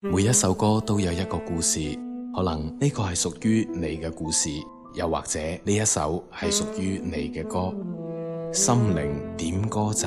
每一首歌都有一個故事，可能呢個係屬於你嘅故事，又或者呢一首係屬於你嘅歌。心靈點歌集。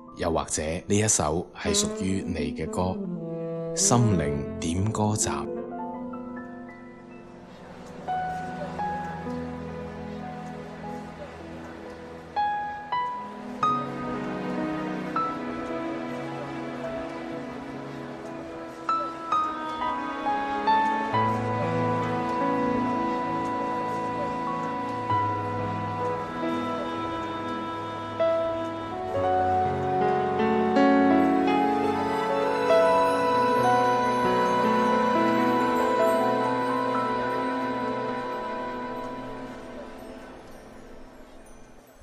又或者呢一首係屬於你嘅歌，心靈點歌站。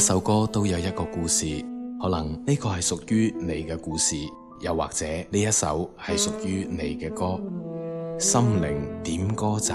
一首歌都有一個故事，可能呢個係屬於你嘅故事，又或者呢一首係屬於你嘅歌，心靈點歌集。